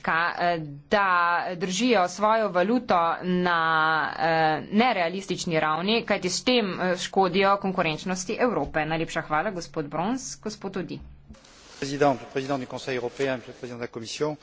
Švedska, eh, da držijo svojo valuto na eh, nerealistični ravni, kajti s tem eh, škodijo konkurenčnosti Evrope. Najlepša hvala, gospod Brons, gospod Odi. Predsednik, predsednik Komisije Evropske, predsednik Komisije.